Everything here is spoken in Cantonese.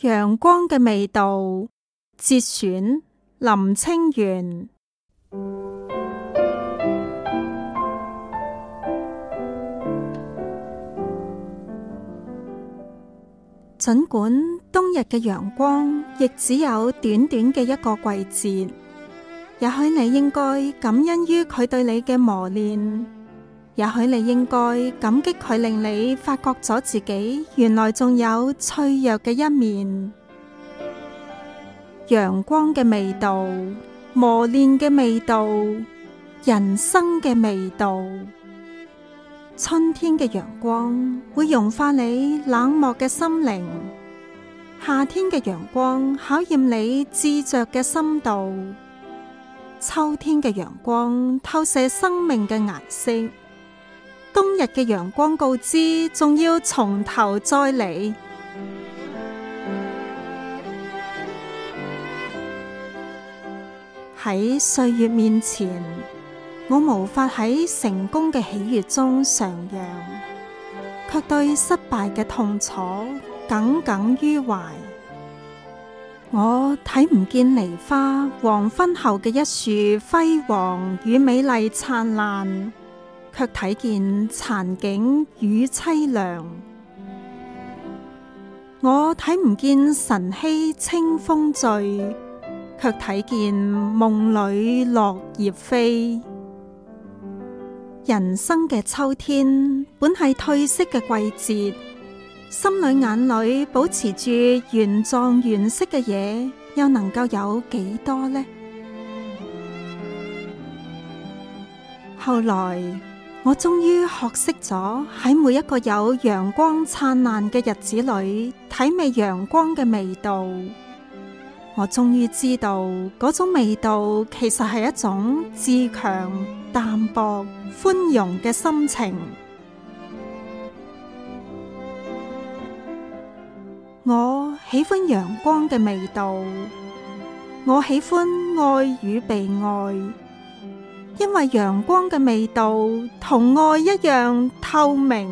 陽光嘅味道，節選林清玄。儘管冬日嘅陽光亦只有短短嘅一個季節，也許你應該感恩於佢對你嘅磨練。也許你應該感激佢令你發覺咗自己，原來仲有脆弱嘅一面。陽光嘅味道，磨練嘅味道，人生嘅味道。春天嘅陽光會融化你冷漠嘅心靈，夏天嘅陽光考驗你執著嘅深度，秋天嘅陽光透射生命嘅顏色。冬今日嘅陽光告知，仲要從頭再嚟。喺歲月面前，我無法喺成功嘅喜悅中徜徉，卻對失敗嘅痛楚耿耿於懷。我睇唔見梨花黃昏後嘅一樹輝煌與美麗燦爛。卻睇見殘景與淒涼，我睇唔見晨曦清風醉，卻睇見夢裏落葉飛。人生嘅秋天本係褪色嘅季節，心裏眼裏保持住原狀原色嘅嘢，又能夠有幾多呢？後來。我終於學識咗，喺每一個有陽光燦爛嘅日子裏，體味陽光嘅味道。我終於知道，嗰種味道其實係一種自強、淡薄、寬容嘅心情。我喜歡陽光嘅味道，我喜歡愛與被愛。因為陽光嘅味道同愛一樣透明。